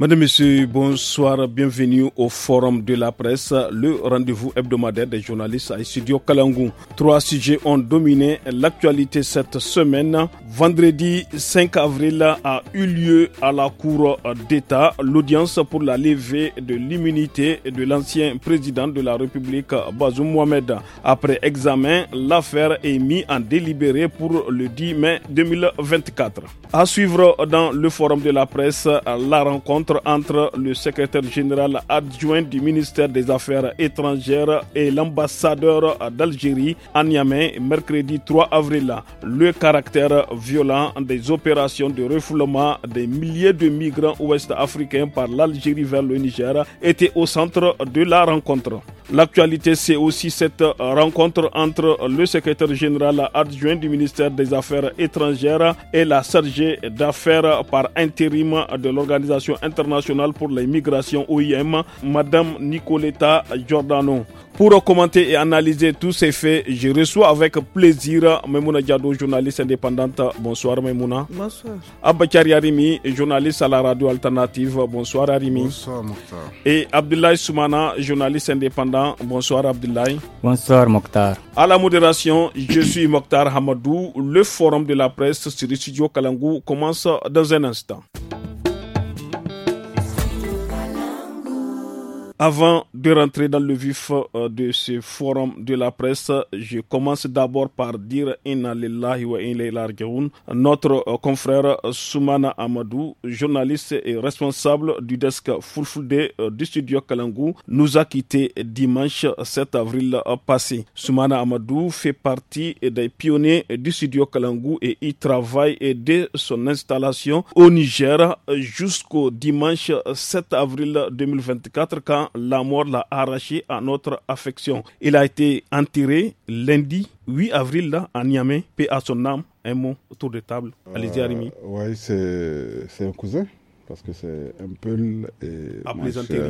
Madame, Messieurs, bonsoir, bienvenue au Forum de la presse, le rendez-vous hebdomadaire des journalistes à Studio Kalangou. Trois sujets ont dominé l'actualité cette semaine. Vendredi 5 avril a eu lieu à la Cour d'État l'audience pour la levée de l'immunité de l'ancien président de la République, Bazoum Mohamed. Après examen, l'affaire est mise en délibéré pour le 10 mai 2024. À suivre dans le Forum de la presse, la rencontre entre le secrétaire général adjoint du ministère des Affaires étrangères et l'ambassadeur d'Algérie à Niamey mercredi 3 avril. Le caractère violent des opérations de refoulement des milliers de migrants ouest-africains par l'Algérie vers le Niger était au centre de la rencontre. L'actualité, c'est aussi cette euh, rencontre entre le secrétaire général adjoint du ministère des Affaires étrangères et la chargée d'affaires par intérim de l'Organisation internationale pour les migrations OIM, Madame Nicoletta Giordano. Pour commenter et analyser tous ces faits, je reçois avec plaisir Memouna Diado, journaliste indépendante. Bonsoir Memouna. Bonsoir. Abakari Arimi, journaliste à la radio alternative. Bonsoir Arimi. Bonsoir Mokhtar. Et Abdoulaye Soumana, journaliste indépendant. Bonsoir Abdoulaye. Bonsoir Mokhtar. À la modération, je suis Mokhtar Hamadou. Le forum de la presse sur le studio Kalangou commence dans un instant. Avant de rentrer dans le vif euh, de ce forum de la presse, je commence d'abord par dire Inna lillahi Notre euh, confrère euh, Soumana Amadou, journaliste et responsable du desk Fulfulde du studio Kalangou, nous a quitté dimanche 7 avril passé. Soumana Amadou fait partie des pionniers du studio Kalangou et y travaille dès son installation au Niger jusqu'au dimanche 7 avril 2024 quand la mort l'a arraché à notre affection. Il a été enterré lundi 8 avril là, à Niamey, paix à son âme. Un mot autour de table. Allez-y, euh, Arimi. oui, c'est un cousin parce que c'est un peu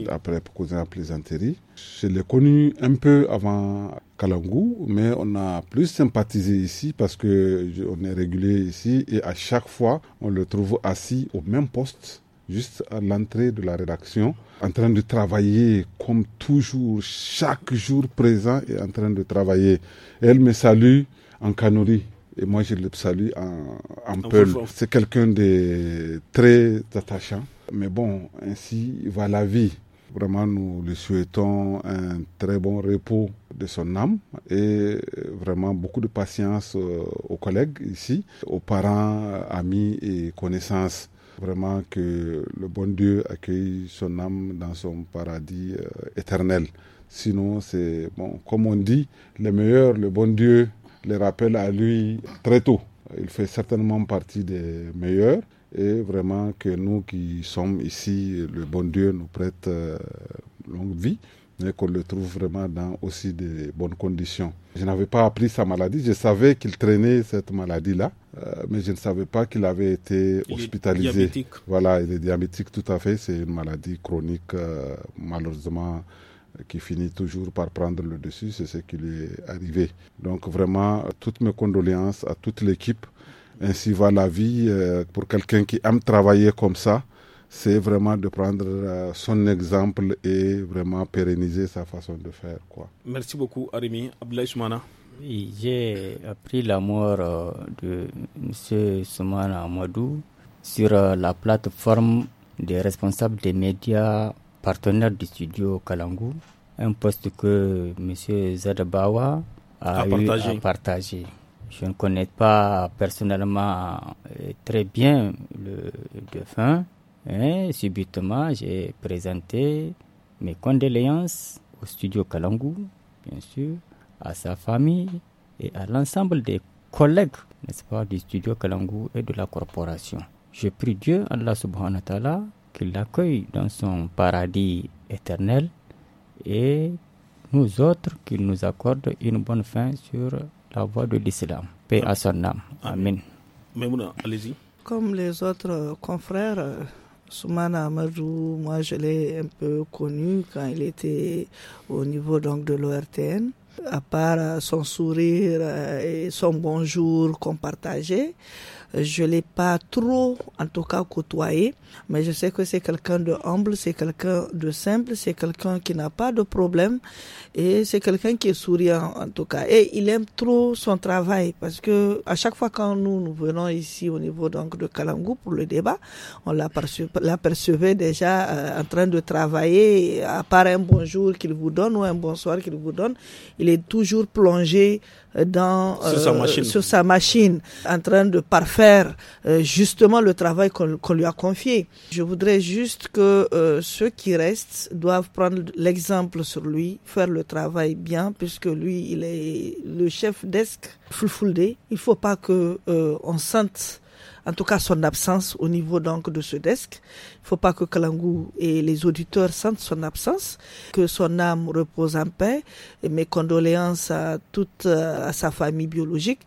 après cousin à plaisanterie. Je l'ai connu un peu avant Kalangou, mais on a plus sympathisé ici parce que on est régulé ici et à chaque fois on le trouve assis au même poste juste à l'entrée de la rédaction, en train de travailler comme toujours, chaque jour présent et en train de travailler. Elle me salue en Kanouri et moi je le salue en, en peul. C'est quelqu'un de très attachant. Mais bon, ainsi va la vie. Vraiment, nous lui souhaitons un très bon repos de son âme et vraiment beaucoup de patience euh, aux collègues ici, aux parents, amis et connaissances vraiment que le bon Dieu accueille son âme dans son paradis euh, éternel. Sinon, c'est, bon, comme on dit, les meilleurs, le bon Dieu les rappelle à lui très tôt. Il fait certainement partie des meilleurs et vraiment que nous qui sommes ici, le bon Dieu nous prête euh, longue vie mais qu'on le trouve vraiment dans aussi de bonnes conditions. Je n'avais pas appris sa maladie, je savais qu'il traînait cette maladie-là, euh, mais je ne savais pas qu'il avait été il hospitalisé. Est diabétique. Voilà, il est diabétique tout à fait, c'est une maladie chronique euh, malheureusement qui finit toujours par prendre le dessus, c'est ce qui lui est arrivé. Donc vraiment, toutes mes condoléances à toute l'équipe. Ainsi va la vie euh, pour quelqu'un qui aime travailler comme ça c'est vraiment de prendre euh, son exemple et vraiment pérenniser sa façon de faire. Quoi. Merci beaucoup, Arimi. j'ai appris la mort euh, de M. Soumana Amadou sur euh, la plateforme des responsables des médias partenaires du studio Kalangou, un poste que M. Zadabawa a, partagé. Je ne connais pas personnellement très bien le défunt, et hein, subitement, j'ai présenté mes condoléances au studio Kalangu, bien sûr, à sa famille et à l'ensemble des collègues, n'est-ce pas, du studio Kalangu et de la corporation. Je prie Dieu, Allah subhanahu wa ta'ala, qu'il l'accueille dans son paradis éternel et nous autres qu'il nous accorde une bonne fin sur la voie de l'islam. Paix à son âme. Amen. Comme les autres confrères, euh, Soumana Amadou, moi je l'ai un peu connu quand il était au niveau donc de l'ORTN. À part son sourire euh, et son bonjour qu'on partageait, je l'ai pas trop, en tout cas, côtoyé, mais je sais que c'est quelqu'un de humble, c'est quelqu'un de simple, c'est quelqu'un qui n'a pas de problème et c'est quelqu'un qui est souriant, en tout cas. Et il aime trop son travail parce que à chaque fois quand nous, nous venons ici au niveau donc de Kalangou pour le débat, on l'apercevait déjà euh, en train de travailler, à part un bonjour qu'il vous donne ou un bonsoir qu'il vous donne, il est toujours plongé dans, euh, sur, sa machine. en train de parfaire euh, justement le travail qu'on lui a confié. Je voudrais juste que euh, ceux qui restent doivent prendre l'exemple sur lui, faire le travail bien, puisque lui, il est le chef desk full full day. Il faut pas que on sente en tout cas son absence au niveau donc de ce desk. Il faut pas que Kalangu et les auditeurs sentent son absence, que son âme repose en paix. mes condoléances à toute euh, à sa famille biologique,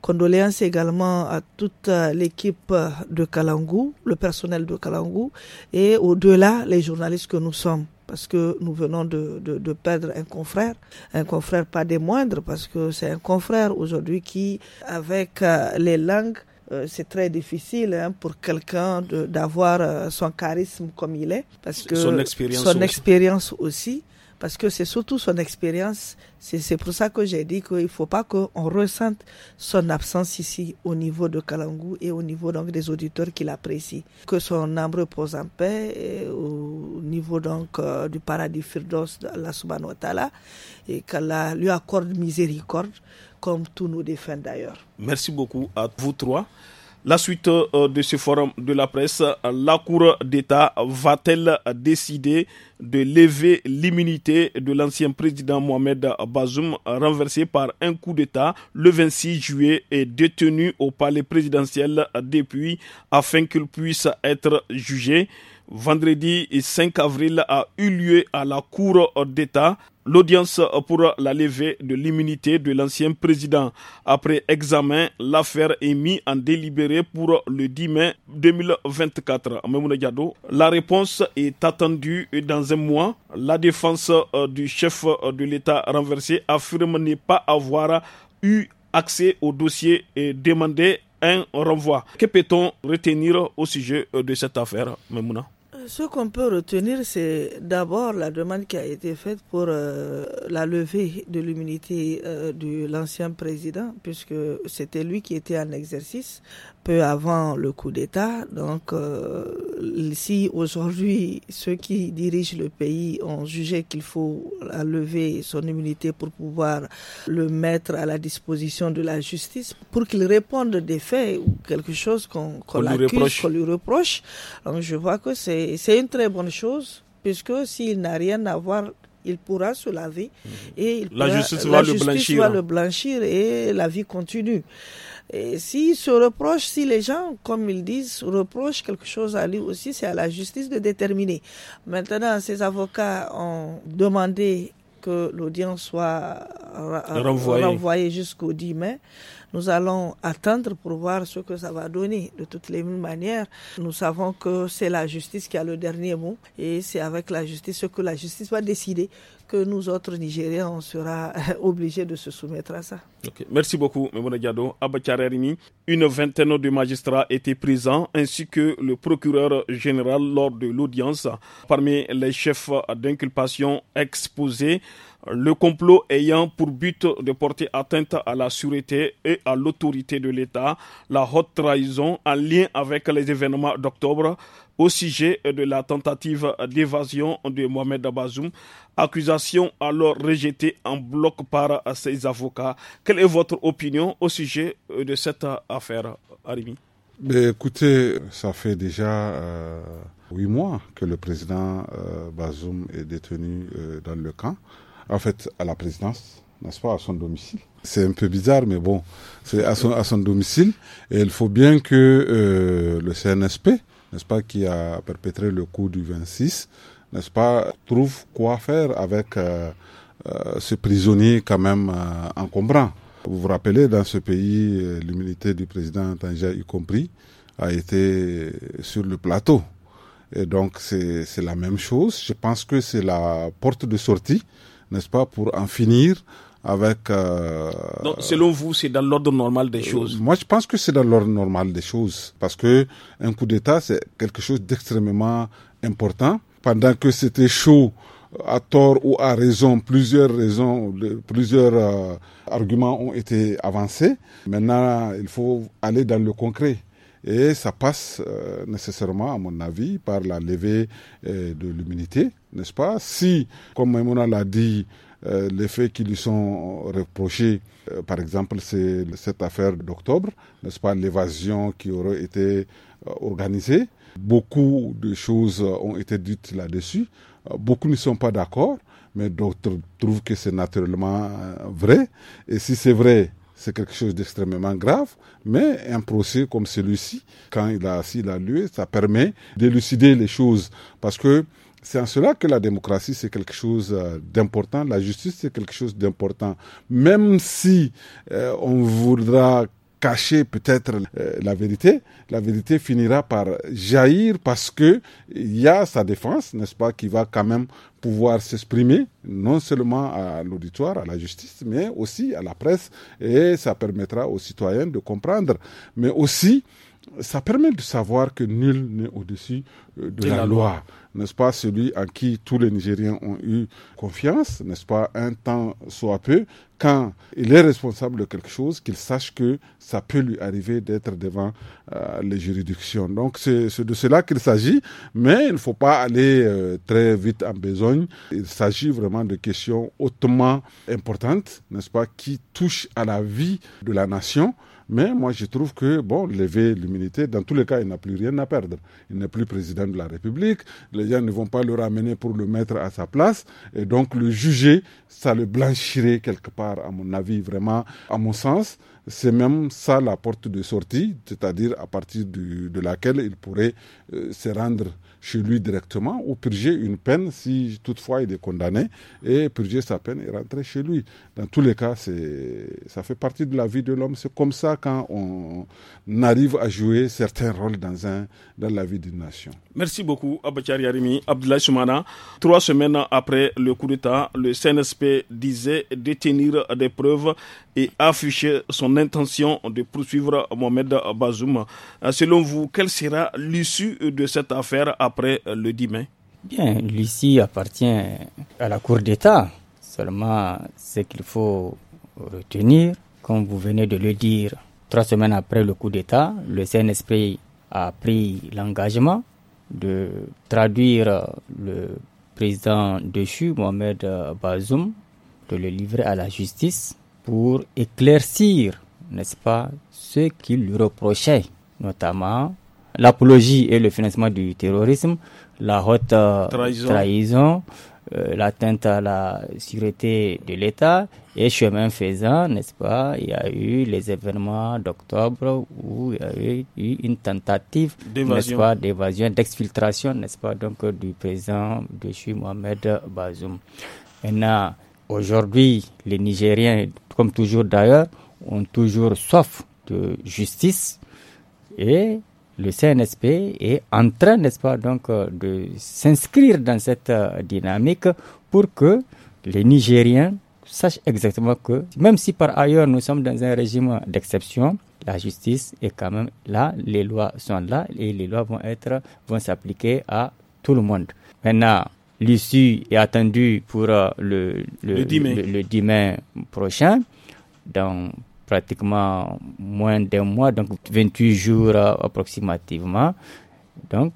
condoléances également à toute euh, l'équipe euh, de Kalangu, le personnel de Kalangu et au-delà les journalistes que nous sommes parce que nous venons de, de, perdre un confrère, un confrère pas des moindres, parce que c'est un confrère aujourd'hui qui, avec les langues, euh, c'est très difficile hein, pour quelqu'un d'avoir euh, son charisme comme il est, parce que son expérience, aussi. parce que c'est surtout son expérience. C'est pour ça que j'ai dit qu'il faut pas qu'on ressente son absence ici au niveau de Kalangou et au niveau donc des auditeurs qui l'apprécient. Que son âme repose en paix au niveau donc euh, du paradis Firdos la subhanahu wa et qu'elle lui accorde miséricorde comme tous nos défunts d'ailleurs. Merci beaucoup à vous trois. La suite euh, de ce forum de la presse, la Cour d'État va-t-elle décider de lever l'immunité de l'ancien président Mohamed Bazoum, renversé par un coup d'État le 26 juillet et détenu au palais présidentiel depuis, afin qu'il puisse être jugé vendredi 5 avril a eu lieu à la Cour d'État l'audience pour la levée de l'immunité de l'ancien président. Après examen, l'affaire est mise en délibéré pour le 10 mai 2024. La réponse est attendue dans un mois. La défense euh, du chef euh, de l'État renversé affirme ne pas avoir eu accès au dossier et demander un renvoi. Que peut-on retenir au sujet euh, de cette affaire, Memouna ce qu'on peut retenir, c'est d'abord la demande qui a été faite pour euh, la levée de l'immunité euh, de l'ancien président, puisque c'était lui qui était en exercice peu avant le coup d'État. Donc, euh, si aujourd'hui ceux qui dirigent le pays ont jugé qu'il faut lever son immunité pour pouvoir le mettre à la disposition de la justice, pour qu'il réponde des faits ou quelque chose qu'on qu'on lui reproche, donc je vois que c'est une très bonne chose, puisque s'il n'a rien à voir il pourra se laver mmh. et la justice, la va hein. le blanchir et la vie continue. Et si se reproche, si les gens, comme ils disent, reprochent quelque chose à lui aussi, c'est à la justice de déterminer. Maintenant, ces avocats ont demandé que l'audience soit renvoyée jusqu'au 10 mai. Nous allons attendre pour voir ce que ça va donner. De toutes les manières, nous savons que c'est la justice qui a le dernier mot et c'est avec la justice ce que la justice va décider que nous autres Nigériens, on sera euh, obligés de se soumettre à ça. Merci beaucoup, M. Diado. une vingtaine de magistrats étaient présents, ainsi que le procureur général lors de l'audience. Parmi les chefs d'inculpation exposés, le complot ayant pour but de porter atteinte à la sûreté et à l'autorité de l'État, la haute trahison en lien avec les événements d'octobre au sujet de la tentative d'évasion de Mohamed Abazoum, accusation alors rejetée en bloc par ses avocats. Quelle est votre opinion au sujet de cette affaire, Arimi Mais ben, Écoutez, ça fait déjà euh, huit mois que le président euh, Bazoum est détenu euh, dans le camp en fait, à la présidence, n'est-ce pas, à son domicile. C'est un peu bizarre, mais bon, c'est à son, domicile. Et il faut bien que euh, le CNSP, n'est-ce pas, qui a perpétré le coup du 26, n'est-ce pas, trouve quoi faire avec euh, euh, ce prisonnier quand même encombrant. Vous vous rappelez, dans ce pays, l'immunité du président Tangier, y compris, a été sur le plateau. Et donc, c'est la même chose. Je pense que c'est la porte de sortie n'est-ce pas, pour en finir avec... Euh, Donc, selon vous, c'est dans l'ordre normal des euh, choses Moi, je pense que c'est dans l'ordre normal des choses, parce que un coup d'État, c'est quelque chose d'extrêmement important. Pendant que c'était chaud, euh, à tort ou à raison, plusieurs raisons, plusieurs arguments ont été avancés. Maintenant, il faut aller dans le concret. Et ça passe euh, nécessairement, à mon avis, par la levée euh, de l'immunité, n'est-ce pas Si, comme Maimouna l'a dit, euh, les faits qui lui sont reprochés, par exemple, c'est cette affaire d'octobre, n'est-ce pas, l'évasion qui aurait été organisée. Beaucoup de choses ont été dites là-dessus. beaucoup ne sont pas d'accord, mais d'autres trouvent que c'est naturellement vrai. Et si c'est vrai, c'est quelque chose d'extrêmement grave, mais un procès comme celui-ci, quand il a, assis la lieu, ça permet d'élucider les choses parce que c'est en cela que la démocratie, c'est quelque chose euh, d'important, la justice, c'est quelque chose d'important. Même si euh, on voudra cacher peut-être euh, la vérité, la vérité finira par jaillir parce que il y a sa défense, n'est-ce pas, qui va quand même pouvoir s'exprimer non seulement à l'auditoire, à la justice, mais aussi à la presse et ça permettra aux citoyens de comprendre, mais aussi ça permet de savoir que nul n'est au-dessus euh, de, la, loi. N'est-ce pas celui en qui tous les Nigériens ont eu confiance, n'est-ce pas, un temps soit peu, quand il est responsable de quelque chose, qu'il sache que ça peut lui arriver d'être devant euh, les juridictions. Donc c'est de cela qu'il s'agit, mais il ne faut pas aller euh, très vite en besogne. Il s'agit vraiment de questions hautement importantes, n'est-ce pas, qui touchent à la vie de la nation mais moi, je trouve que, bon, lever l'immunité, dans tous les cas, il n'a plus rien à perdre. Il n'est plus président de la République. Les gens ne vont pas le ramener pour le mettre à sa place. Et donc, le juger, ça le blanchirait quelque part, à mon avis, vraiment, à mon sens c'est même ça la porte de sortie, c'est-à-dire à partir de laquelle il pourrait euh, se rendre chez lui directement ou purger une peine si toutefois il est condamné et purger sa peine et rentrer chez lui. Dans tous les cas, ça fait partie de la vie de l'homme. C'est comme ça quand on arrive à jouer certains rôles dans, un, dans la vie d'une nation. Merci beaucoup, Abba Yarimi. Abdoulaye Soumana, trois semaines après le coup d'État, le CNSP disait détenir des preuves et afficher son intention de poursuivre Mohamed Bazoum. Selon vous, quelle sera l'issue de cette affaire après euh, le 10 mai Bien, Lucie appartient à la Cour d'État. Seulement, ce qu'il faut retenir, comme vous venez de le dire, trois semaines après le coup d'État, le Saint-Esprit a pris l'engagement de traduire euh, le président déchu, Mohamed euh, Bazoum, de le livrer à la justice pour éclaircir, n'est-ce pas, ce qu'il lui reprochait, notamment l'apologie et le financement du terrorisme, la haute euh, trahison, euh, l'atteinte à la sécurité de l'État. Et chemin faisant, n'est-ce pas, il y a eu les événements d'octobre où il y a eu une tentative, n'est-ce pas, d'évasion, d'exfiltration, n'est-ce pas, donc du président de Chui Mohamed Bazoum. Maintenant, aujourd'hui, les Nigériens, comme toujours d'ailleurs, ont toujours soif de justice et le CNSP est en train, n'est-ce pas, donc, euh, de s'inscrire dans cette euh, dynamique pour que les Nigériens sachent exactement que, même si par ailleurs nous sommes dans un régime d'exception, la justice est quand même là, les lois sont là et les lois vont être, vont s'appliquer à tout le monde. Maintenant, l'issue est attendue pour euh, le, dimanche 10 prochain pratiquement moins d'un mois, donc 28 jours euh, approximativement. Donc,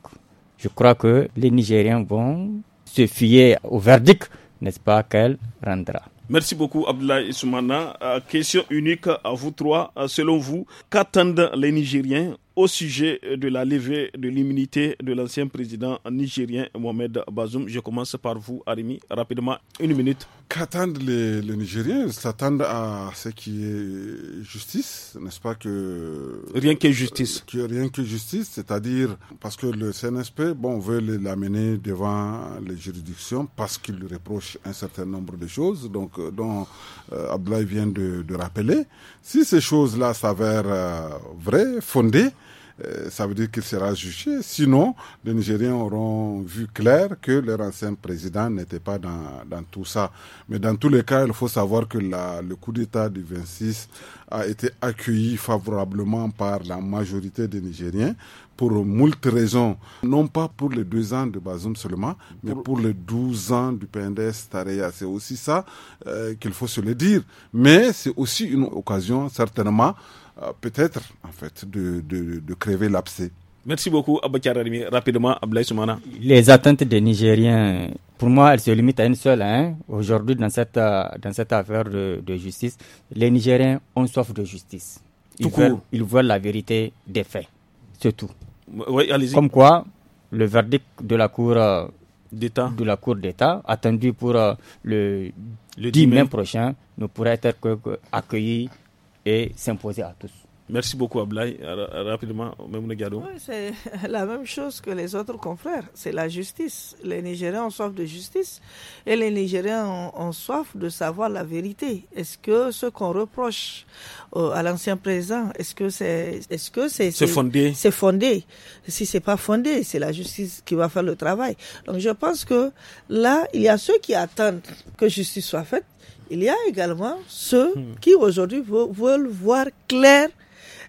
je crois que les Nigériens vont se fier au verdict, n'est-ce pas, qu'elle rendra. Merci beaucoup Abdoulaye Soumana. Euh, question unique à vous trois. Euh, selon vous, qu'attendent les Nigériens au sujet de la levée de l'immunité de l'ancien président nigérien Mohamed Bazoum. Je commence par vous, Arimi, rapidement, une minute. Qu'attendent les, Nigériens Nigériens S'attendent à ce qui est justice, n'est-ce pas que rien que justice. Euh, que rien que justice, c'est-à-dire parce que le CNSP, bon, veut l'amener devant les juridictions parce qu'il lui reproche un certain nombre de choses, donc euh, dont euh, vient de, rappeler. Si ces choses-là s'avèrent euh, vraies, fondées, euh, ça veut dire qu'il sera jugé. Sinon, les Nigériens auront vu clair que leur ancien président n'était pas dans, tout ça. Mais dans tous les cas, il faut savoir que le coup d'État du 26 a été accueilli favorablement par la majorité des Nigériens pour moult raisons, non pas pour les deux ans de Bazoum seulement, mais pour les douze ans du PNDS Tareya. C'est aussi ça euh, qu'il faut se le dire. Mais c'est aussi une occasion, certainement, euh, peut-être, en fait, de, de, de créer l'abcès. Merci beaucoup, Abakar Arimi. Rapidement, Ablaï Soumana. Les attentes des Nigériens, pour moi, elles se limitent à une seule. Hein. Aujourd'hui, dans cette, dans cette affaire de, justice, les Nigériens ont soif de justice. Ils, veulent, ils veulent la vérité des faits. C'est tout. Comme quoi, le verdict de la Cour euh, d'État attendu pour euh, le, le, 10 mai prochain, ne pourrait être accueilli et s'imposer à tous. Merci beaucoup, Ablaï. Rapidement, même Gado. Oui, c'est la même chose que les autres confrères. C'est la justice. Les Nigériens ont soif de justice et les Nigériens ont, soif de savoir la vérité. Est-ce que ce qu'on reproche euh, à l'ancien président, est-ce que c'est, est-ce que c'est, c'est fondé? C'est fondé. Si c'est pas fondé, c'est la justice qui va faire le travail. Donc, je pense que là, il y a ceux qui attendent que justice soit faite. Il y a également ceux hmm. qui aujourd'hui veulent voir clair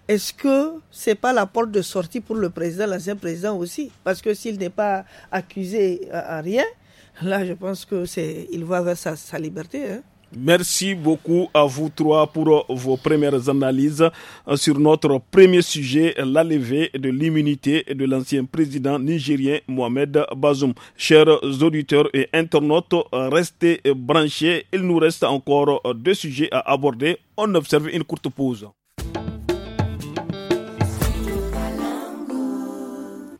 est-ce que ce n'est pas la porte de sortie pour le président, l'ancien président aussi Parce que s'il n'est pas accusé à, euh, rien, là, je pense qu'il c'est, va vers sa, liberté. Hein. Merci beaucoup à vous trois pour euh, vos premières analyses euh, sur notre premier sujet, la levée de l'immunité de l'ancien président nigérien Mohamed Bazoum. Chers auditeurs et internautes, restez branchés. Il nous reste encore deux sujets à aborder. On observe une courte pause.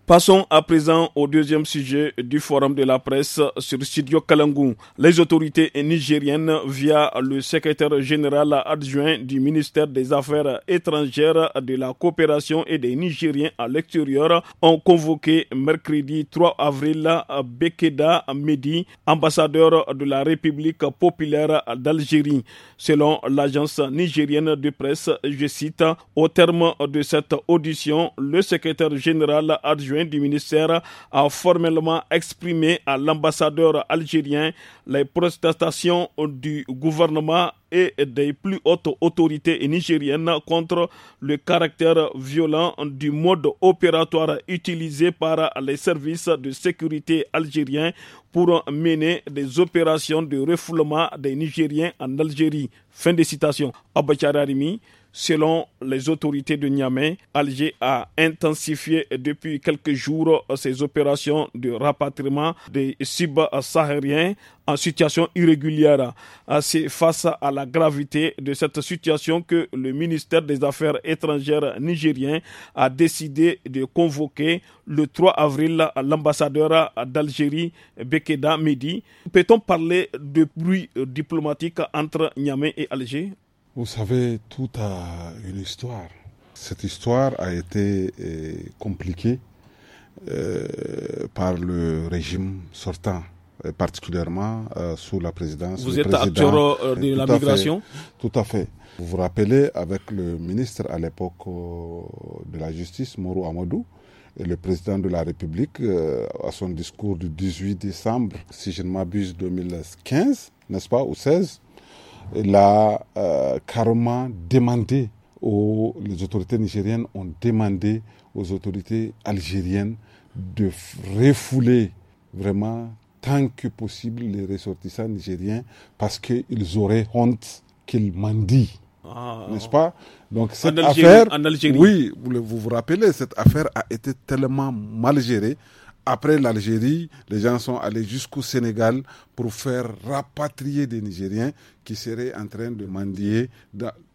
Passons à présent au deuxième sujet du forum de la presse sur Studio Kalangou. Les autorités nigériennes, via le secrétaire général adjoint du ministère des Affaires étrangères, de la coopération et des Nigériens à l'extérieur, ont convoqué mercredi 3 avril Bekeda Mehdi, ambassadeur de la République populaire d'Algérie. Selon l'agence nigérienne de presse, je cite, au terme de cette audition, le secrétaire général adjoint du ministère, a formellement exprimé à l'ambassadeur algérien les protestations du gouvernement et des plus hautes autorités nigériennes contre le caractère violent du mode opératoire utilisé par les services de sécurité algériens pour mener des opérations de refoulement des Nigériens en Algérie. Fin de citation. Selon les autorités de Niamey, Alger a intensifié depuis quelques jours ses opérations de rapatriement des subsahariens sahariens en situation irrégulière. C'est face à la gravité de cette situation que le ministère des Affaires étrangères nigérien a décidé de convoquer le 3 avril l'ambassadeur d'Algérie, Bekeda Mehdi. Peut-on parler de bruit diplomatique entre Niamey et Alger vous savez, tout a une histoire. Cette histoire a été euh, compliquée euh, par le régime sortant, euh, particulièrement sous la présidence. Vous êtes acteur de la migration Tout à fait. Vous vous rappelez, avec le ministre à l'époque de la Justice, Mourou Amadou, et le président de la République, à son discours du 18 décembre, si je ne m'abuse, 2015, n'est-ce pas, ou 16, l'a euh, a carrément demandé aux les autorités nigériennes ont demandé aux autorités algériennes de refouler vraiment tant que possible les ressortissants nigériens parce qu'ils auraient honte qu'ils mendient. Ah. N'est-ce pas Donc cette affaire, en Algérie. oui, vous vous rappelez, cette affaire a été tellement mal gérée après l'Algérie, les gens sont allés jusqu'au Sénégal pour faire rapatrier des Nigériens qui seraient en train de mendier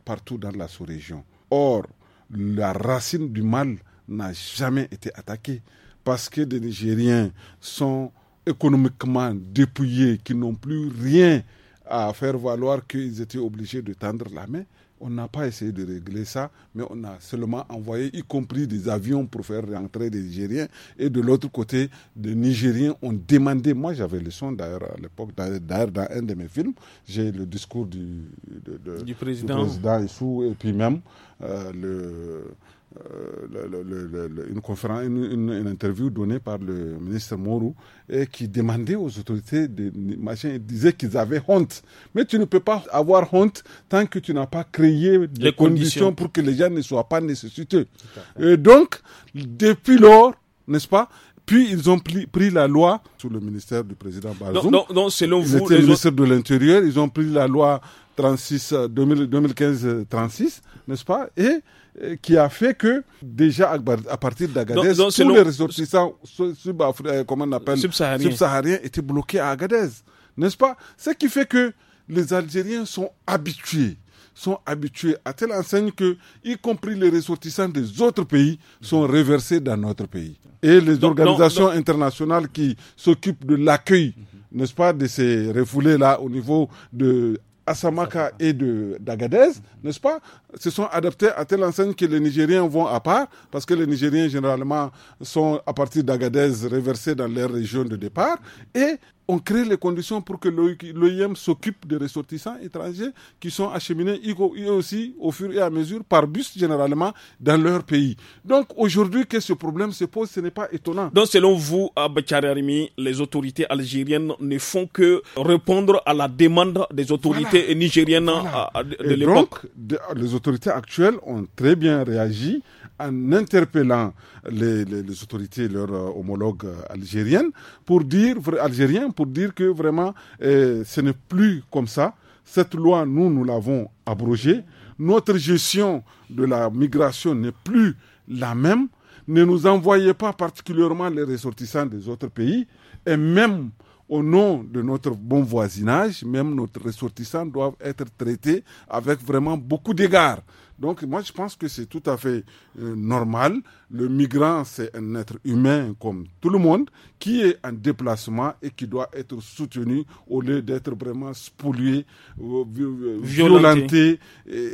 partout dans la sous-région. Or, la racine du mal n'a jamais été attaquée parce que des Nigériens sont économiquement dépouillés, qui n'ont plus rien à faire valoir qu'ils étaient obligés de tendre la main. On n'a pas essayé de régler ça, mais on a seulement envoyé, y compris des avions pour faire rentrer des Nigériens. Et de l'autre côté, des Nigériens ont demandé, moi j'avais le son d'ailleurs à l'époque, d'ailleurs dans un de mes films, j'ai le discours du, président, Issou, et puis même euh, le euh, une conférence, une, interview donnée par le ministre Mourou et qui demandait aux autorités de, machin, disait qu'ils avaient honte. Mais tu ne peux pas avoir honte tant que tu n'as pas créé des conditions. pour que les gens ne soient pas nécessités. Et donc, depuis lors, n'est-ce pas, puis ils ont pris la loi sous le ministère du président Bazoum. Non, non, selon vous, les ministre de l'Intérieur. Ils ont pris la loi 36, 2015-36, euh, euh, n'est-ce pas Et euh, qui a fait que déjà à partir d'Agadez, tous les ressortissants sub comment subsahariens. étaient bloqués à Agadez, n'est-ce pas Ce qui fait que les Algériens sont habitués sont habitués à telle enseigne que, y compris les ressortissants des autres pays, sont reversés dans notre pays. Et les organisations internationales qui s'occupent de l'accueil mhm. n'est-ce pas, de ces refoulés-là au niveau de Asamaka et de d'Agadez, n'est-ce pas, se sont adaptés à telle enseigne que les Nigériens vont à part, parce que les Nigériens généralement sont à partir d'Agadez reversés dans leur région de départ, et on crée les conditions pour que l'OIM s'occupe des ressortissants étrangers qui sont acheminés eux aussi au fur et à mesure par bus généralement dans leur pays. Donc aujourd'hui que ce problème se pose, ce n'est pas étonnant. Donc selon vous, Abacharimi, les autorités algériennes ne font que répondre à la demande des autorités nigériennes de l'époque. Donc les autorités actuelles ont très bien réagi en interpellant les, les, les autorités, leurs euh, homologues euh, algériennes, pour dire, algériens, pour dire que vraiment, euh, ce n'est plus comme ça. Cette loi, nous, nous l'avons abrogée. Notre gestion de la migration n'est plus la même. Ne nous envoyez pas particulièrement les ressortissants des autres pays. Et même au nom de notre bon voisinage, même nos ressortissants doivent être traités avec vraiment beaucoup d'égards. Donc moi je pense que c'est tout à fait euh, normal. Le migrant c'est un être humain comme tout le monde qui est en déplacement et qui doit être soutenu au lieu d'être vraiment spolié, euh, euh, violenté, et,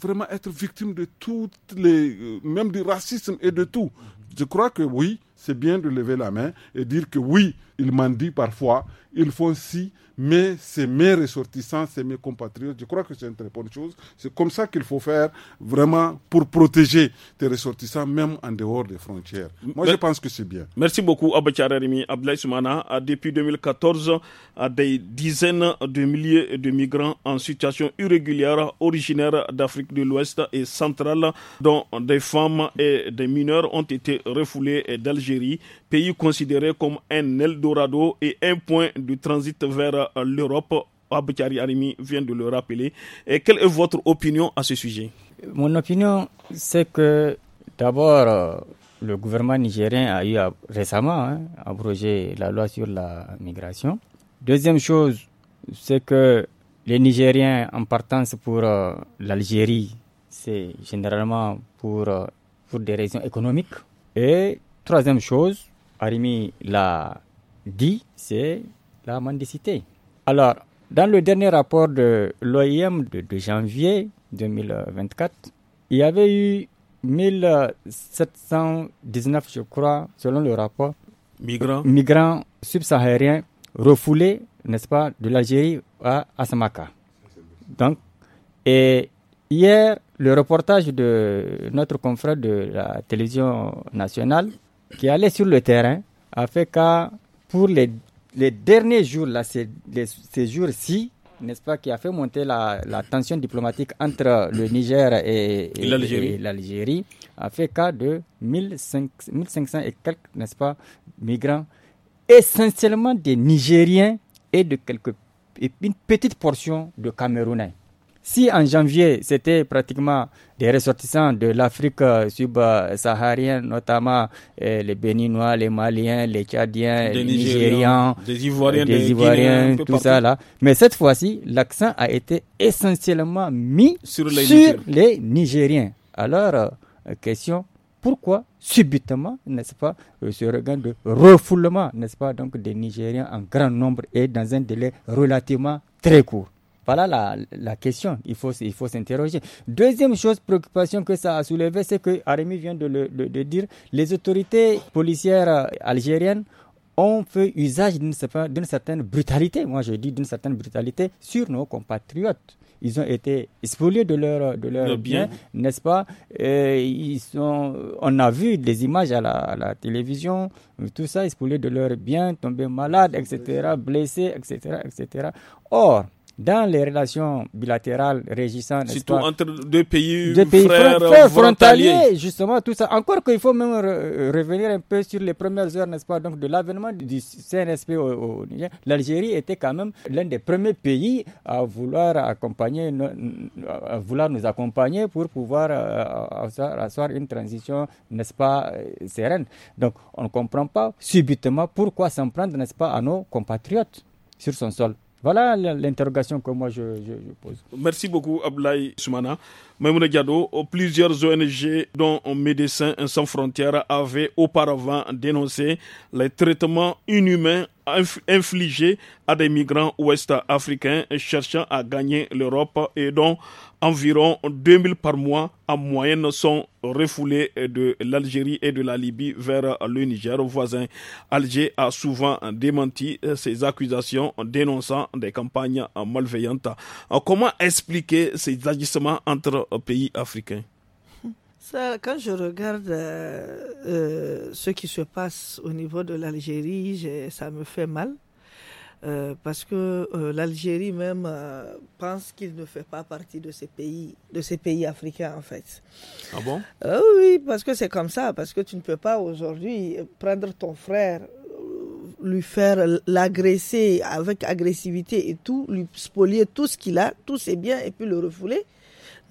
vraiment être victime de toutes les, même du racisme et de tout. Je crois que oui, c'est bien de lever la main et dire que oui, ils m'en dit parfois, ils font si, mais c'est mes ressortissants, c'est mes compatriotes. Je crois que c'est une très bonne chose. C'est comme ça qu'il faut faire vraiment pour protéger tes ressortissants, même en dehors des frontières. Moi, je pense que c'est bien. Merci beaucoup, Arimi Soumana. Ah, depuis 2014, ah, des dizaines de milliers de migrants en situation irrégulière, originaires d'Afrique de l'Ouest et centrale, dont des femmes et des mineurs, ont été refoulés d'Algérie, pays considéré comme un Dorado et un point de transit vers euh, l'Europe. Aboukari Arimi vient de le rappeler. quelle est votre opinion à ce sujet Mon opinion, c'est que d'abord, euh, le gouvernement nigérien a eu récemment hein, abrogé la loi sur la migration. Deuxième chose, c'est que les Nigériens en partance pour euh, l'Algérie, c'est généralement pour, pour des raisons économiques. Et troisième chose, Arimi l'a dit, c'est la mendicité. Alors, dans le dernier rapport de l'OIM de, janvier 2024, il y avait eu 1719, je crois, selon le rapport, migrants, subsahariens refoulés, n'est-ce pas, de l'Algérie à Asmaka. Donc, et hier, le reportage de notre confrère de la télévision nationale qui allait sur le terrain a fait qu'à pour les, les derniers jours, là, ces, ces jours-ci, n'est-ce pas, qui a fait monter la, la, tension diplomatique entre le Niger et, l'Algérie, a fait cas de 1500, 1500 et quelques, n'est-ce pas, migrants, essentiellement des Nigériens et de quelques, et une petite portion de Camerounais. Si en janvier, c'était pratiquement des ressortissants de l'Afrique subsaharienne, notamment eh, les Béninois, les Maliens, les Tchadiens, les Nigériens, les Ivoiriens, tout ça là. Mais cette fois-ci, l'accent a été essentiellement mis sur les, Nigériens. Alors, euh, question, pourquoi subitement, n'est-ce pas, euh, ce regain de refoulement, n'est-ce pas, donc des Nigériens en grand nombre et dans un délai relativement très court voilà la, la, question. Il faut, il faut s'interroger. Deuxième chose, préoccupation que ça a soulevé, c'est que Arémi vient de le dire, les autorités policières algériennes ont fait usage d'une certaine brutalité, moi je dis d'une certaine brutalité, sur nos compatriotes. Ils ont été spoliés de leurs de leur n'est-ce pas ils sont, On a vu des images à la, télévision, tout ça, spoliés de leurs biens, tombés malades, etc., blessés, etc., etc. Or, dans les relations bilatérales régissant. entre deux pays, pays frères, frontaliers. Justement, tout ça. Encore qu'il faut même euh, revenir un peu sur les premières heures, n'est-ce pas, donc de l'avènement du CNSP au, Niger. L'Algérie était quand même l'un des premiers pays à vouloir accompagner, vouloir nous accompagner pour pouvoir euh, assurer asseoir une transition, n'est-ce pas, euh, sereine. Donc, on ne comprend pas subitement pourquoi s'en prendre, n'est-ce pas, à nos compatriotes sur son sol. Voilà l'interrogation que moi je, pose. Merci beaucoup Ablaï Soumana. Maimouna Gado, plusieurs ONG dont Médecins sans frontières avaient auparavant dénoncé les traitements inhumains infligés à des migrants ouest-africains cherchant à gagner l'Europe et dont environ 2000 par mois en moyenne sont refoulés de l'Algérie et de la Libye vers le Niger voisin. Alger a souvent démenti ces accusations en dénonçant des campagnes malveillantes. Comment expliquer ces agissements entre pays africains quand je regarde euh, euh, ce qui se passe au niveau de l'Algérie, ça me fait mal. Euh, parce que l'Algérie même pense qu'il ne fait pas partie de ces pays, de ces pays africains en fait. Ah bon Oui, parce que c'est comme ça, parce que tu ne peux pas aujourd'hui prendre ton frère, lui faire l'agresser avec agressivité et tout, lui spolier tout ce qu'il a, tous ses biens et puis le refouler.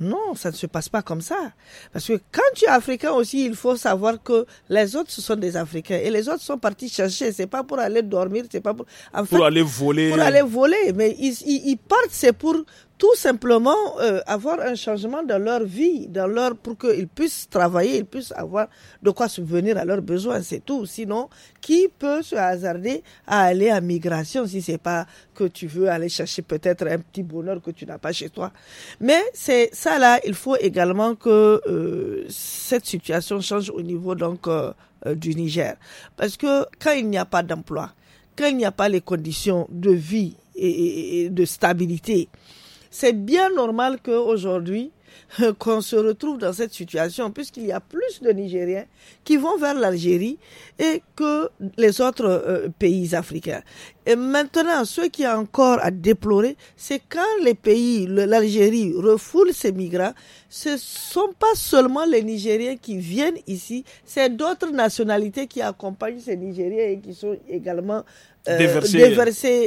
Non, ça ne se passe pas comme ça. Parce que quand tu es africain aussi, il faut savoir que les autres, ce sont des Africains. Et les autres sont partis chercher. C'est pas pour aller dormir, c'est pas pour... pour aller voler. Pour aller voler. Mais ils, ils, ils partent, c'est pour tout simplement euh, avoir un changement dans leur vie, dans leur pour qu'ils puissent travailler, ils puissent avoir de quoi subvenir à leurs besoins, c'est tout. Sinon, qui peut se hasarder à aller à migration si c'est pas que tu veux aller chercher peut-être un petit bonheur que tu n'as pas chez toi. Mais c'est ça là, il faut également que euh, cette situation change au niveau donc euh, du Niger, parce que quand il n'y a pas d'emploi, quand il n'y a pas les conditions de vie et, et de stabilité c'est bien normal qu'aujourd'hui, euh, qu'on se retrouve dans cette situation, puisqu'il y a plus de Nigériens qui vont vers l'Algérie et que les autres euh, pays africains. Et maintenant, ce qui est encore à déplorer, c'est quand les pays, l'Algérie refoule ces migrants, ce ne sont pas seulement les Nigériens qui viennent ici, c'est d'autres nationalités qui accompagnent ces Nigériens et qui sont également euh, déversés,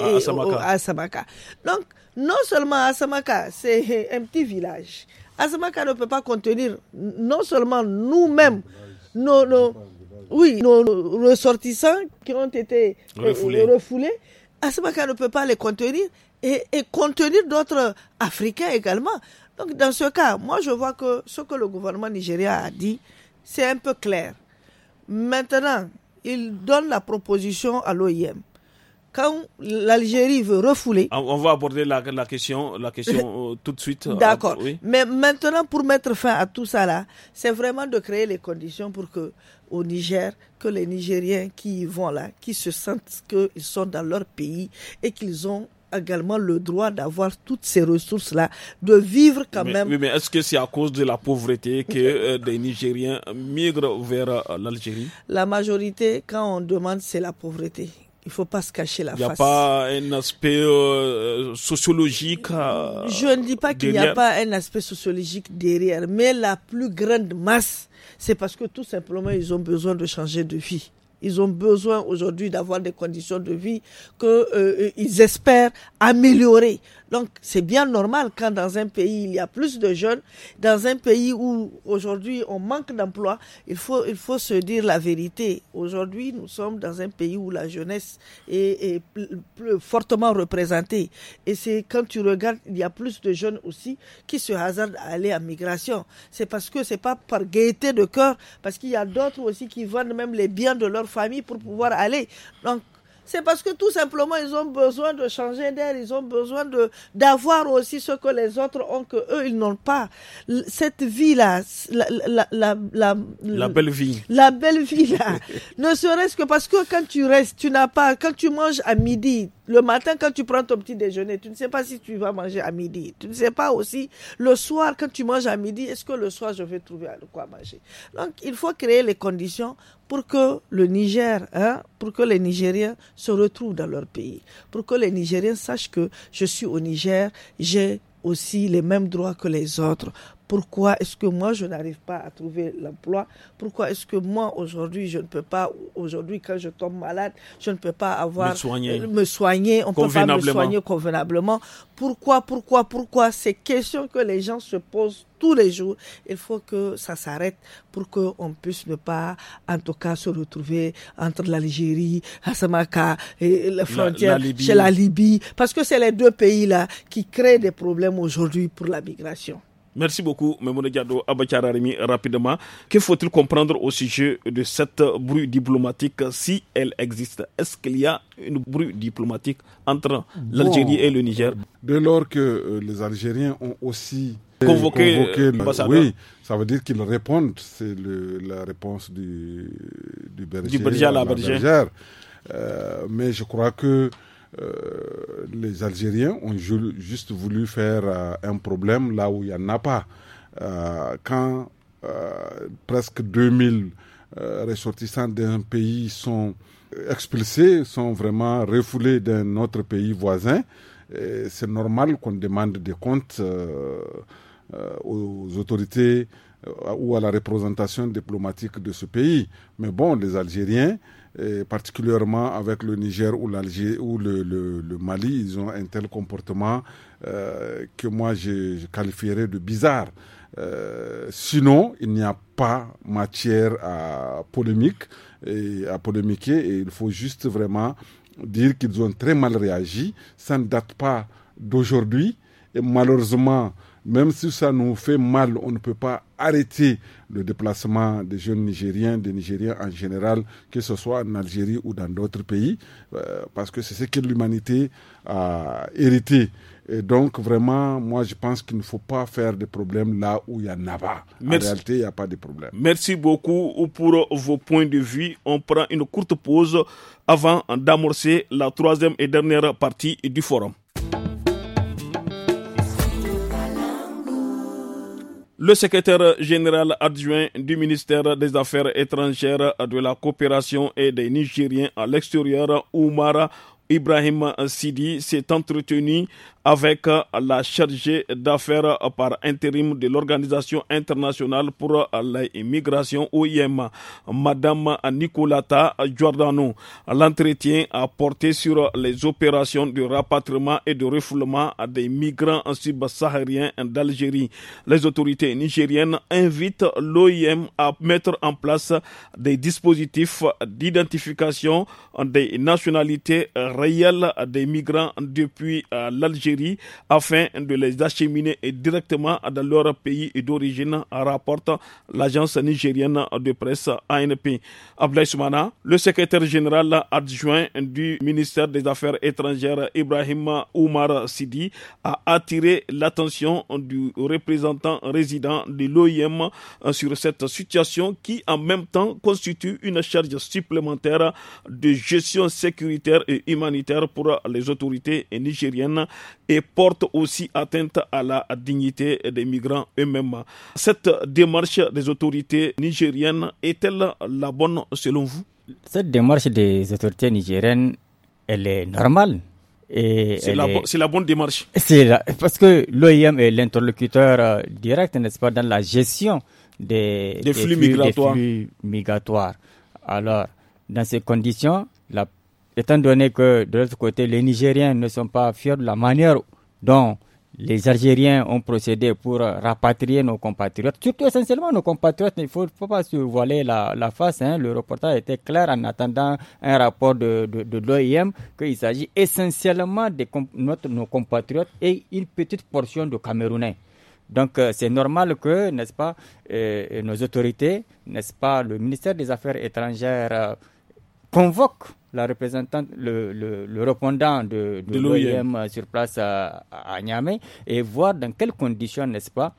à, Samaka. Donc, non seulement Asamaka, c'est un petit village. Asamaka ne peut pas contenir non seulement nous-mêmes, nos, oui, nos ressortissants qui ont été euh, refoulés. Asamaka ne peut pas les contenir et, et contenir d'autres Africains également. Donc dans ce cas, moi je vois que ce que le gouvernement nigérien a dit, c'est un peu clair. Maintenant, il donne la proposition à l'OIM quand l'Algérie veut refouler. Ah, on va aborder la, question, la question euh, tout de suite. Euh, D'accord. Mais maintenant, pour mettre fin à tout ça là, c'est vraiment de créer les conditions pour que au Niger, que les Nigériens qui y vont là, qui se sentent qu'ils sont dans leur pays et qu'ils ont également le droit d'avoir toutes ces ressources-là, de vivre quand même. Oui, mais est-ce que c'est à cause de la pauvreté que euh, des Nigériens migrent vers l'Algérie La majorité, quand on demande, c'est la pauvreté. Il faut pas se cacher la face. Il n'y a pas un aspect euh, euh, sociologique. Euh, Je ne dis pas qu'il n'y a pas un aspect sociologique derrière, mais la plus grande masse, c'est parce que tout simplement ils ont besoin de changer de vie. Ils ont besoin aujourd'hui d'avoir des conditions de vie qu'ils ils espèrent améliorer. Donc c'est bien normal quand dans un pays il y a plus de jeunes, dans un pays où aujourd'hui on manque d'emplois, il faut, il faut se dire la vérité. Aujourd'hui nous sommes dans un pays où la jeunesse est, fortement représentée. Et c'est quand tu regardes, il y a plus de jeunes aussi qui se hasardent à aller en migration. C'est parce que c'est pas par gaieté de cœur, parce qu'il y a d'autres aussi qui vendent même les biens de leur famille pour pouvoir aller. Donc c'est parce que tout simplement, ils ont besoin de changer d'air, ils ont besoin de d'avoir aussi ce que les autres ont que eux ils n'ont pas. Cette vie là, la, la belle vie, la belle vie là, ne serait-ce que parce que quand tu restes, tu n'as pas. Quand tu manges à midi, le matin, quand tu prends ton petit déjeuner, tu ne sais pas si tu vas manger à midi. Tu ne sais pas aussi, le soir, quand tu manges à midi, est-ce que le soir, je vais trouver à quoi manger Donc, il faut créer les conditions pour que le Niger, hein, pour que les Nigériens se retrouvent dans leur pays, pour que les Nigériens sachent que je suis au Niger, j'ai aussi les mêmes droits que les autres, pourquoi est-ce que moi, je n'arrive pas à trouver l'emploi Pourquoi est-ce que moi, aujourd'hui, je ne peux pas, aujourd'hui, quand je tombe malade, je ne peux pas avoir... Me soigner. Euh, me soigner on ne peut pas me soigner convenablement. Pourquoi, pourquoi, pourquoi Ces questions que les gens se posent tous les jours, il faut que ça s'arrête pour qu'on puisse ne pas, en tout cas, se retrouver entre l'Algérie, Samaka et la frontière chez la Libye. Parce que c'est les deux pays-là qui créent des problèmes aujourd'hui pour la migration. Merci beaucoup, Memoune Diado Abachararimi. Rapidement, que faut-il comprendre au sujet de cette bruit diplomatique si elle existe Est-ce qu'il y a une bruit diplomatique entre l'Algérie et le Niger Dès lors que euh, les Algériens ont aussi convoqué, euh, l'ambassadeur, oui, ça veut dire qu'ils répondent. C'est la réponse du, du berger, du berger à la, euh, mais je crois que euh, les Algériens ont juste voulu faire euh, un problème là où il n'y en a pas. Euh, quand presque 2000 ressortissants d'un pays sont expulsés, sont vraiment refoulés d'un autre pays voisin, c'est normal qu'on demande des comptes aux autorités ou à la représentation diplomatique de ce pays. Mais bon, les Algériens et particulièrement avec le Niger ou l'Alger ou le, Mali, ils ont un tel comportement euh, que moi je, qualifierais de bizarre. Euh, sinon, il n'y a pas matière à polémique et à polémiquer et il faut juste vraiment dire qu'ils ont très mal réagi. Ça ne date pas d'aujourd'hui et malheureusement même si ça nous fait mal, on ne peut pas arrêter le déplacement des jeunes Nigériens, des Nigériens en général, que ce soit en Algérie ou dans d'autres pays, euh, parce que c'est ce que l'humanité a hérité. Et donc, vraiment, moi, je pense qu'il ne faut pas faire des problèmes là où il y en a pas. En réalité, il n'y a pas de problème. Merci beaucoup pour vos points de vue. On prend une courte pause avant d'amorcer la troisième et dernière partie du forum. Le secrétaire général adjoint du ministère des Affaires étrangères, de la coopération et des Nigériens à l'extérieur, Oumara Ibrahim Sidi s'est entretenu avec euh, la chargée d'affaires euh, par intérim de l'Organisation internationale pour euh, l'immigration OIM, Madame Nicolata Giordano. L'entretien a porté sur les opérations de rapatriement et de refoulement des migrants subsahariens d'Algérie. Les autorités nigériennes invitent l'OIM à mettre en place des dispositifs d'identification des nationalités réelles des migrants depuis l'Algérie afin de les acheminer directement dans leur pays d'origine, rapporte l'agence nigérienne de presse ANP. Soumana, le secrétaire général adjoint du ministère des Affaires étrangères Ibrahim Oumar Sidi, a attiré l'attention du représentant résident de l'OIM sur cette situation qui en même temps constitue une charge supplémentaire de gestion sécuritaire et humanitaire pour les autorités nigériennes et porte aussi atteinte à la dignité des migrants eux-mêmes. Cette démarche des autorités nigériennes est-elle la bonne selon vous Cette démarche des autorités nigériennes, elle est normale. C'est la, bonne démarche. C'est parce que l'OIM est l'interlocuteur euh, direct, n'est-ce pas, dans la gestion des, flux, migratoires. des flux migratoires. Alors, dans ces conditions, la étant donné que de l'autre côté, les Nigériens ne sont pas fiers de la manière dont les Algériens ont procédé pour rapatrier nos compatriotes, surtout essentiellement nos compatriotes. Il ne faut, pas se voiler la, face. Hein. Le reportage était clair en attendant un rapport de, l'OIM qu'il s'agit essentiellement de nos compatriotes et une petite portion de Camerounais. Donc euh, c'est normal que, n'est-ce pas, euh, nos autorités, n'est-ce pas, le ministère des Affaires étrangères euh, convoque la représentante, le, le, répondant de, l'OIM sur place à, Niamey et voir dans quelles conditions, n'est-ce pas,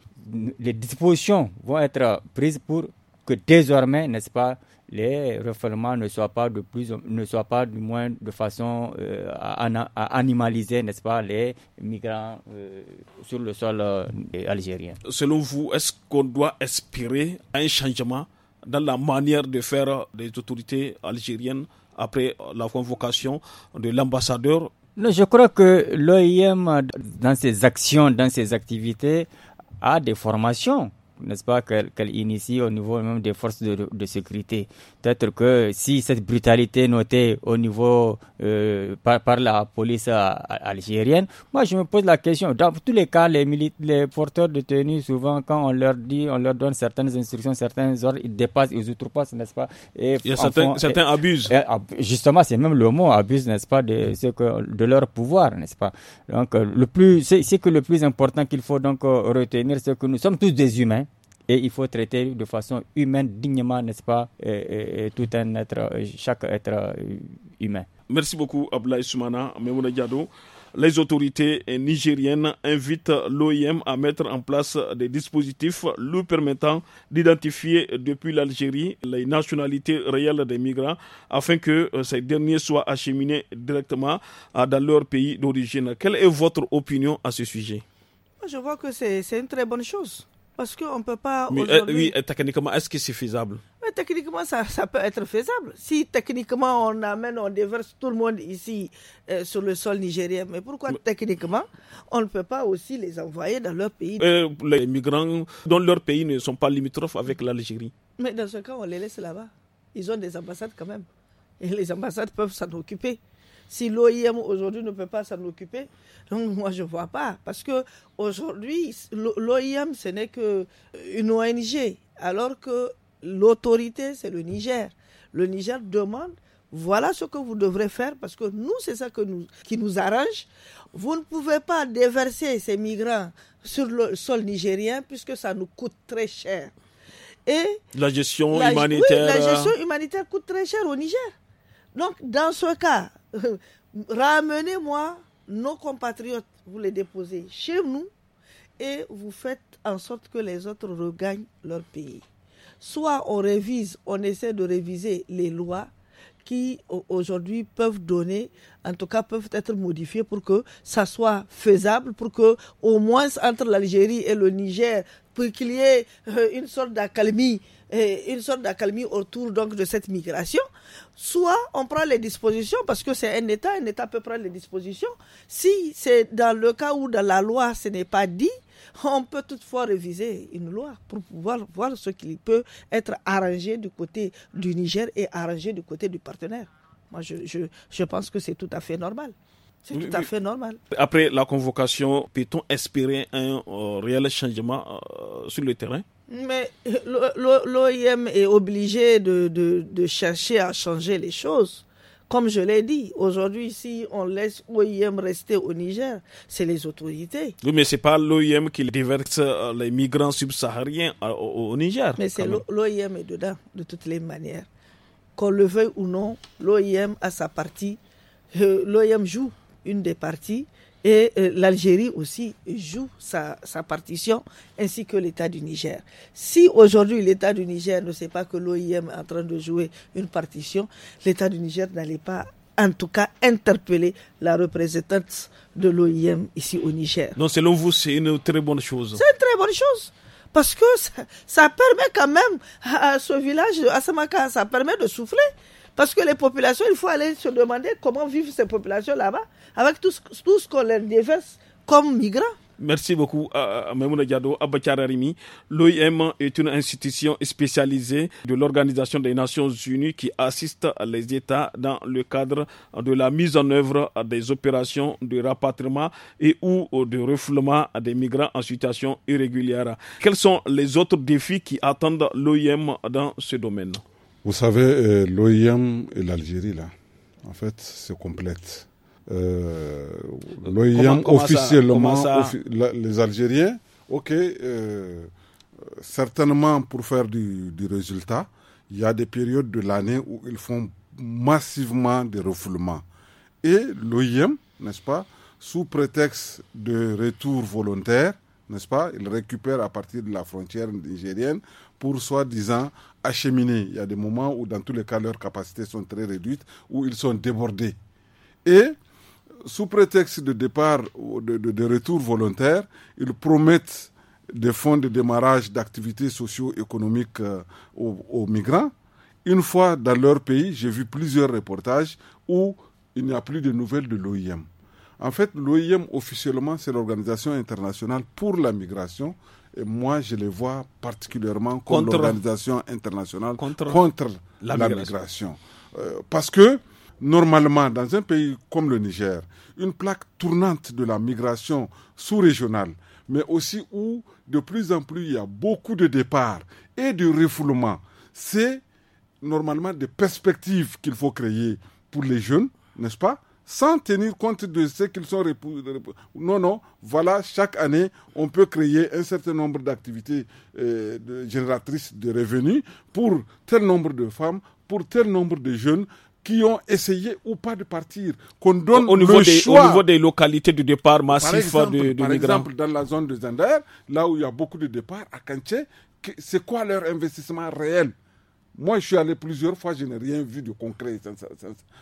les dispositions vont être prises pour que désormais, n'est-ce pas, les refoulements ne soient pas de plus, ne soient pas du moins de façon euh, à, animaliser, n'est-ce pas, les migrants euh, sur le sol euh, algérien. Selon vous, est-ce qu'on doit espérer un changement dans la manière de faire des autorités algériennes après la convocation de l'ambassadeur je crois que l'OIM, dans ses actions, dans ses activités, a des formations, n'est-ce pas, qu'elle initie au niveau même des forces de sécurité. Peut-être que si cette brutalité notée au niveau euh, par, la police euh, algérienne, moi je me pose la question. Dans tous les cas, les, les porteurs de tenue, souvent quand on leur dit, on leur donne certaines instructions, certains ordres, ils dépassent, ils outrepassent, n'est-ce pas et certains, abus. justement, c'est même le mot abuse, n'est-ce pas, de, que, de leur pouvoir, n'est-ce pas Donc, euh, le plus, c'est que le plus important qu'il faut donc retenir, c'est que nous sommes tous des humains et il faut traiter de façon humaine, dignement, n'est-ce pas, tout un être, chaque être humain. Merci beaucoup, Ablaï Soumana, Diado. Les autorités nigériennes invitent l'OIM à mettre en place des dispositifs lui permettant d'identifier depuis l'Algérie les nationalités réelles des migrants afin que euh, ces derniers soient acheminés directement euh, dans leur pays d'origine. Quelle est votre opinion à ce sujet Je vois que c'est une très bonne chose parce qu'on ne peut pas. Euh, oui, techniquement, est-ce que c'est faisable Mais Techniquement, ça, peut être faisable. Si techniquement, on amène, on déverse tout le monde ici euh, sur le sol nigérien, mais pourquoi techniquement, on ne peut pas aussi les envoyer dans leur pays euh, Les migrants dont leur pays ne sont pas limitrophes avec l'Algérie. Mais dans ce cas, on les laisse là-bas. Ils ont des ambassades quand même. Et les ambassades peuvent s'en occuper. Si l'OIM aujourd'hui ne peut pas s'en occuper, donc moi je ne vois pas. Parce que aujourd'hui, l'OIM, ce n'est qu'une euh, ONG, alors que l'autorité, c'est le Niger. Le Niger demande voilà ce que vous devrez faire parce que nous, c'est ça que nous, qui nous arrange. Vous ne pouvez pas déverser ces migrants sur le sol nigérien puisque ça nous coûte très cher. Et la gestion humanitaire. la euh, gestion humanitaire coûte très cher au Niger. Donc, dans ce cas, ramenez-moi nos compatriotes, vous les déposez chez nous et vous faites en sorte que les autres regagnent leur pays. Soit on révise, on essaie de réviser les lois qui aujourd'hui peuvent donner, en tout cas peuvent être modifiées pour que ça soit faisable, pour que au moins entre l'Algérie et le Niger, pour qu'il y ait euh, une sorte d'accalmie une sorte d'accalmie autour donc de cette migration, soit on prend les dispositions, parce que c'est un État, un État peut prendre les dispositions. Si c'est dans le cas où dans la loi ce n'est pas dit, on peut toutefois réviser une loi pour pouvoir voir ce qui peut être arrangé du côté du Niger et arrangé du côté du partenaire. Moi, je, pense que c'est tout à fait normal. C'est tout à fait normal. Après la convocation, peut-on espérer un euh, réel changement euh, sur le terrain mais euh, l'OIM est obligé de, chercher à changer les choses. Comme je l'ai dit, aujourd'hui, si on laisse l'OIM rester au Niger, c'est les autorités. Oui, mais ce n'est pas l'OIM qui déverse euh, les migrants subsahariens euh, au, Niger. Mais c'est l'OIM est dedans, de toutes les manières. Qu'on le veuille ou non, l'OIM a sa partie. L'OIM joue une des parties et euh, l'Algérie aussi joue sa, partition, ainsi que l'État du Niger. Si aujourd'hui l'État du Niger ne sait pas que l'OIM est en train de jouer une partition, l'État du Niger n'allait pas en tout cas interpeller la représentante de l'OIM ici au Niger. Non, selon vous, c'est une très bonne chose. C'est une très bonne chose parce que ça, permet quand même à ce village à Samaka, ça permet de souffler. Parce que les populations, il faut aller se demander comment vivent ces populations là-bas avec tout, ce qu'on leur déverse comme migrants. Merci beaucoup à Memouna L'OIM est une institution spécialisée de l'Organisation des Nations Unies qui assiste les États dans le cadre de la mise en œuvre des opérations de rapatriement et ou de refoulement des migrants en situation irrégulière. Quels sont les autres défis qui attendent l'OIM dans ce domaine Vous savez, euh, l'OIM et l'Algérie, là, en fait, se complètent. Euh, l'OIM officiellement, les Algériens, ok, euh, certainement pour faire du, du résultat, il y a des périodes de l'année où ils font massivement des refoulements. Et l'OIM, n'est-ce pas, sous prétexte de retour volontaire, n'est-ce pas, ils récupèrent à partir de la frontière nigérienne pour soi-disant acheminer. Il y a des moments où, dans tous les cas, leurs capacités sont très réduites, où ils sont débordés. Et sous prétexte de départ, ou de, retour volontaire, ils promettent des fonds de démarrage d'activités socio-économiques euh, aux, migrants. Une fois dans leur pays, j'ai vu plusieurs reportages où il n'y a plus de nouvelles de l'OIM. En fait, l'OIM officiellement, c'est l'Organisation internationale pour la migration. Et moi, je les vois particulièrement comme l'Organisation internationale contre, la, migration. Euh, parce que Normalement, dans un pays comme le Niger, une plaque tournante de la migration sous-régionale, mais aussi où de plus en plus il y a beaucoup de départs et de refoulements, c'est normalement des perspectives qu'il faut créer pour les jeunes, n'est-ce pas sans tenir compte de ce qu'ils sont. Non, non, voilà, chaque année, on peut créer un certain nombre d'activités euh, génératrices de revenus pour tel nombre de femmes, pour tel nombre de jeunes qui ont essayé ou pas de partir, qu'on donne au, niveau des, choix. Au niveau des localités de départ massif exemple, de, de par exemple, dans la zone de Zander, là où il y a beaucoup de départs, à Kanché, c'est quoi leur investissement réel Moi, je suis allé plusieurs fois, je n'ai rien vu de concret,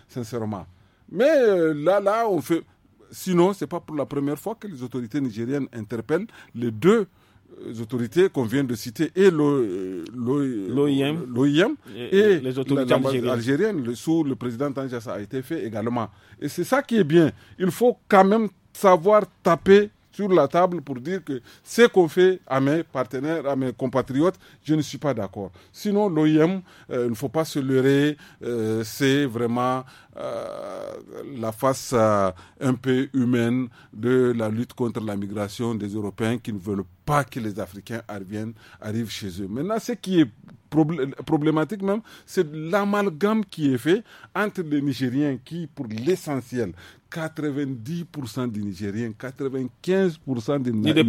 sincèrement. Mais euh, là, là, on fait... Sinon, ce n'est pas pour la première fois que les autorités nigériennes interpellent les deux euh, autorités qu'on vient de citer et l'OIM euh, euh, et, et, les autorités algériennes. le, sous le président ça a été fait également. Et c'est ça qui est bien. Il faut quand même savoir taper sur la table pour dire que ce qu'on fait à mes partenaires, à mes compatriotes, je ne suis pas d'accord. Sinon, l'OIM, euh, il ne faut pas se leurrer, euh, c'est vraiment euh, la face un peu humaine de la lutte contre la migration des Européens qui ne veulent pas que les Africains arrivent, arrivent chez eux. Maintenant, ce qui est problématique même, c'est l'amalgame qui est fait entre les Nigériens qui, pour l'essentiel, 90% des Nigériens, 95% des Nigériens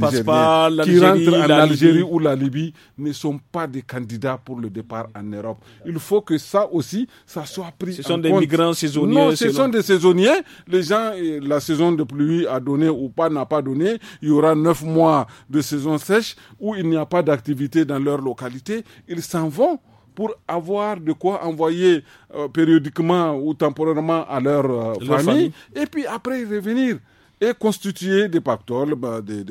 qui rentrent en Algérie ou la Libye ne sont pas des candidats pour le départ en Europe. Il faut que ça aussi, ça soit pris en compte. Ce sont des migrants saisonniers. Non, ce sont des saisonniers. Les gens, euh, la saison de pluie a donné ou pas n'a pas donné. Il y aura neuf mois de saison sèche où il n'y a pas d'activité dans leur localité. Ils s'en vont pour avoir de quoi envoyer euh, périodiquement ou temporairement à leur, euh, famille, et puis après revenir et constituer des pactoles bah, des,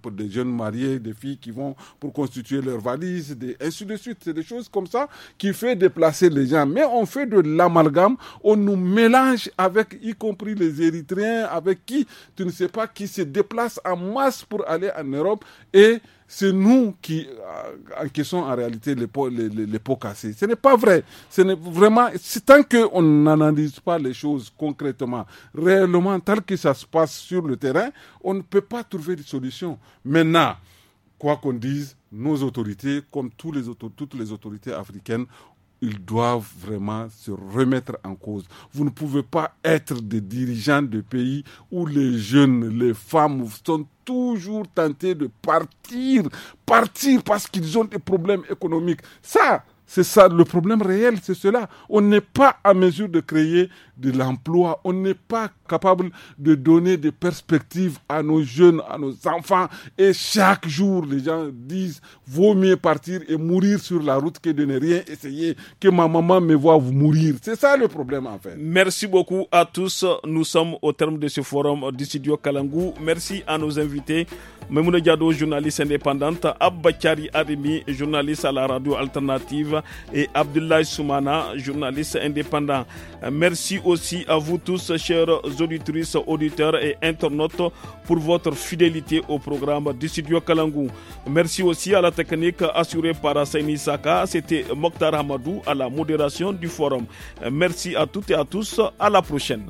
pour des jeunes mariés, des filles qui vont pour constituer leurs valises, ainsi de suite. C'est des choses comme ça qui fait déplacer les gens. Mais on fait de l'amalgame, on nous mélange avec, y compris les Érythréens, avec qui tu ne sais pas, qui se déplacent en masse pour aller en Europe et c'est nous qui, euh, en question en réalité les pots, les, cassés. Ce n'est pas vrai. Ce n'est vraiment, tant qu'on n'analyse pas les choses concrètement, réellement, tel que ça se passe sur le terrain, on ne peut pas trouver de solution. Maintenant, quoi qu'on dise, nos autorités, comme tous les toutes les autorités africaines, ils doivent vraiment se remettre en cause. Vous ne pouvez pas être des dirigeants de pays où les jeunes, les femmes sont toujours tenter de partir, partir parce qu'ils ont des problèmes économiques. Ça, c'est ça, le problème réel, c'est cela. On n'est pas à mesure de créer de l'emploi. On n'est pas capable de donner des perspectives à nos jeunes, à nos enfants. Et chaque jour, les gens disent, vaut mieux partir et mourir sur la route que de ne rien essayer, que ma maman me voit mourir. C'est ça le problème, en fait. Merci beaucoup à tous. Nous sommes au terme de ce forum du studio Kalangou. Merci à nos invités. journaliste indépendante. Abba journaliste à la radio alternative et Abdoulaye Soumana, journaliste indépendant. Merci aussi à vous tous, chers auditrices, auditeurs et internautes, pour votre fidélité au programme du studio Kalangou. Merci aussi à la technique assurée par Saini Saka. C'était Mokhtar Hamadou à la modération du forum. Merci à toutes et à tous. À la prochaine.